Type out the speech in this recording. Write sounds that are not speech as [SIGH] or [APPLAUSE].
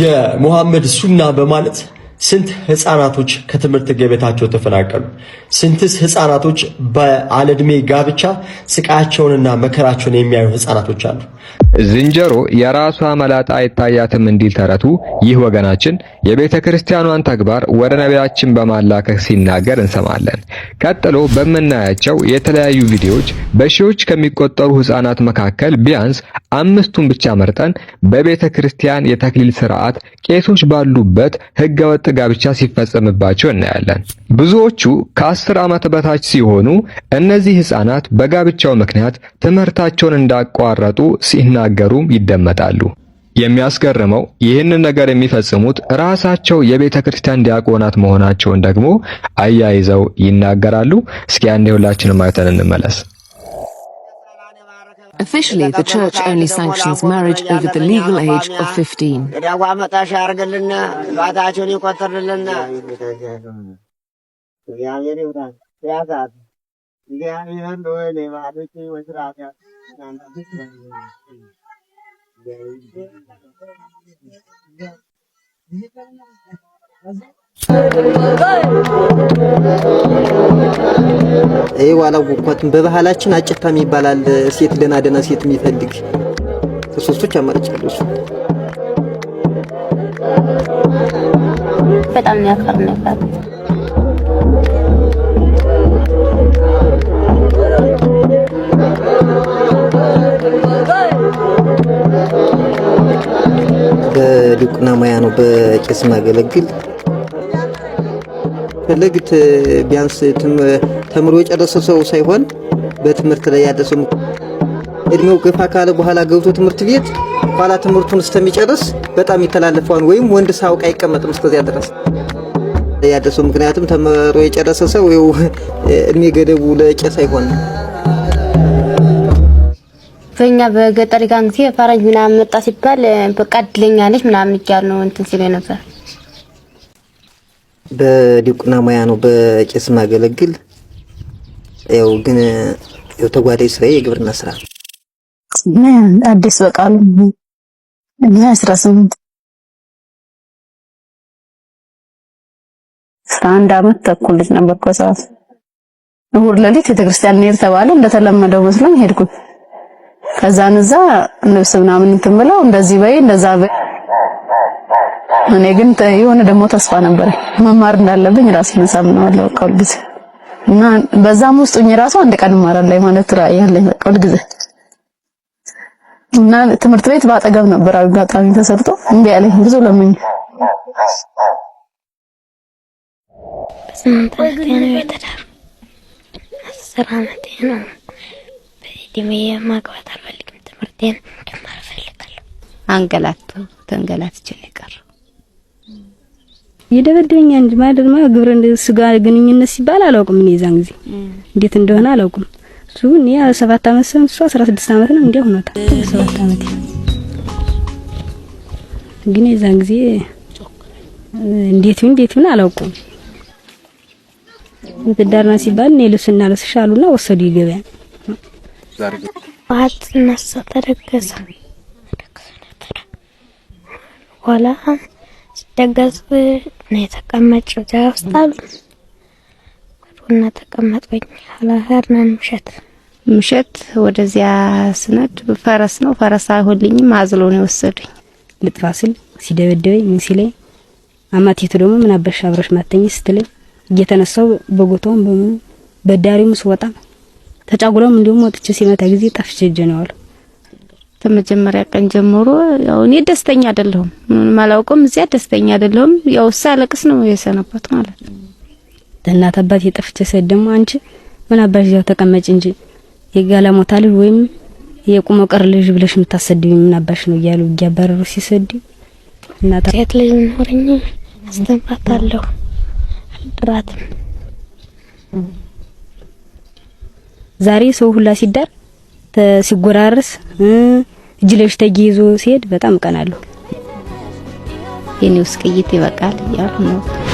የሙሐመድ ሱና በማለት ስንት ህፃናቶች ከትምህርት ገበታቸው ተፈናቀሉ? ስንትስ ህፃናቶች በአለዕድሜ ጋብቻ ስቃያቸውንና መከራቸውን የሚያዩ ህፃናቶች አሉ። ዝንጀሮ የራሷ መላጣ አይታያትም እንዲል ተረቱ ይህ ወገናችን የቤተ ክርስቲያኗን ተግባር ወደ ነቢያችን በማላከክ ሲናገር እንሰማለን። ቀጥሎ በምናያቸው የተለያዩ ቪዲዮዎች በሺዎች ከሚቆጠሩ ህፃናት መካከል ቢያንስ አምስቱን ብቻ መርጠን በቤተ ክርስቲያን የተክሊል ስርዓት ቄሶች ባሉበት ህገወጥ ሁለት ጋብቻ ሲፈጸምባቸው እናያለን። ብዙዎቹ ከአስር ዓመት በታች ሲሆኑ እነዚህ ህፃናት በጋብቻው ምክንያት ትምህርታቸውን እንዳቋረጡ ሲናገሩም ይደመጣሉ። የሚያስገርመው ይህንን ነገር የሚፈጽሙት ራሳቸው የቤተ ክርስቲያን ዲያቆናት መሆናቸውን ደግሞ አያይዘው ይናገራሉ። እስኪ አንዴ ሁላችንም አይተን እንመለስ። Officially, the Church only sanctions marriage over the legal age of 15. [LAUGHS] ይኸው አላወቅኳትም። በባህላችን አጭታም ይባላል። ሴት ደና ደና ሴት የሚፈልግ ከሶስቶች አማርጫለሁ። እሱ በጣም ነው ያፈር ነበር። በዲቁና ሙያ ነው በቄስ ማገለግል የሚያስፈልግ ቢያንስ ተምሮ የጨረሰ ሰው ሳይሆን በትምህርት ላይ ያለ ሰው እድሜው ገፋ ካለ በኋላ ገብቶ ትምህርት ቤት ኋላ ትምህርቱን እስከሚጨርስ በጣም ይተላለፈዋል። ወይም ወንድ ሳውቅ አይቀመጥም እስከዚያ ድረስ ያለ ሰው ምክንያቱም ተምሮ የጨረሰ ሰው ይኸው እድሜ ገደቡ ለቄስ አይሆንም። በእኛ በገጠር ጊዜ ፈረንጅ ምናምን መጣ ሲባል በቃ እድለኛ ነች ምናምን እያሉ ነው እንትን ሲሉ ነበር። በዲቁና ሙያ ነው በቄስ ማገለግል። ያው ግን ያው ተጓዳኝ ስራዬ የግብርና ስራ አዲስ በቃሉ እኔ አስራ አንድ አመት ተኩል ልጅ ነበር። ከሰዓት እሑድ ሌሊት ቤተክርስቲያን እንሄድ ተባለ። እንደተለመደው መስሎኝ ሄድኩኝ። ከዛን እዛ ልብስ ምናምን እንትን ብለው እንደዚህ በይ እንደዛ በይ። እኔ ግን የሆነ ደግሞ ተስፋ ነበር መማር እንዳለብኝ ራሴን አሳምነዋለሁ በቃ ሁልጊዜ እና በዛም ውስጥ እኔ ራሱ አንድ ቀን እማራለሁ ማለት ራዕይ አለኝ በቃ ሁልጊዜ እና ትምህርት ቤት ባጠገብ ነበር አጋጣሚ ተሰርቶ እምቢ አለኝ ብዙ ለምኝ ስንት ነው የተዳሩ አስር ዓመቴ ነው እድሜ ማግባት አልፈልግም፣ ትምህርቴን ጀማር እፈልጋለሁ። አንገላቱ ተንገላትች ነው የቀረው። የደበደበኛ እንጂ ማለት ነው ግብረ ስጋ ግንኙነት ሲባል አላውቅም። እኔ የዛን ጊዜ እንዴት እንደሆነ አላውቅም። እሱ እኔ ሰባት አመት ሰን እሱ አስራ ስድስት አመት ነው እንዲያ ሆኖታል። ሰባት አመት ግን የዛን ጊዜ እንዴት ይሁን እንዴት ይሁን አላውቅም። ትዳርና ሲባል እኔ ልብስና ልብስሽ አሉና ወሰዱ ይገበያ ዛሬ ስነሳ ተደገሰ። ኋላ ስደገስ ነው የተቀመጭው ምሸት ምሸት ወደዚያ ስነድ ፈረስ ነው ፈረስ አይሆልኝም አዝሎ ነው የወሰዱኝ። ልጥፋ ስል ሲደበደበኝ ምን ሲለኝ አማቴቱ ደግሞ ምን አብረሽ ማተኝ ስትለኝ እየተነሳው በዳሪውም ስወጣ ተጫጉሎም እንዲሁም ወጥቼ ሲመታ ጊዜ ጠፍቼ ሄጄ ነው አሉ። ከመጀመሪያ ቀን ጀምሮ ያው እኔ ደስተኛ አይደለሁም፣ ምንም አላውቅም። እዚያ ደስተኛ አይደለሁም። ያው ሳለቅስ ነው የሰነበት ማለት ነው። እናት አባት የጠፍቼ ስሄድ ደግሞ አንቺ ምን አባሽ ያው ተቀመጭ እንጂ የጋለሞታ ልጅ ወይም የቁሞ ቀር ልጅ ብለሽ የምታሰድቢ ምን አባሽ ነው እያሉ እያባረሩ ሲሰድ እናት ሴት ልጅ ኖረኝ አስተምራታለሁ አልጥራትም ዛሬ ሰው ሁላ ሲዳር ሲጎራረስ እጅ ለሽ ተይዞ ሲሄድ በጣም እቀናለሁ። የኔ ውስጥ ቅይት ይበቃል ያሉ ነው።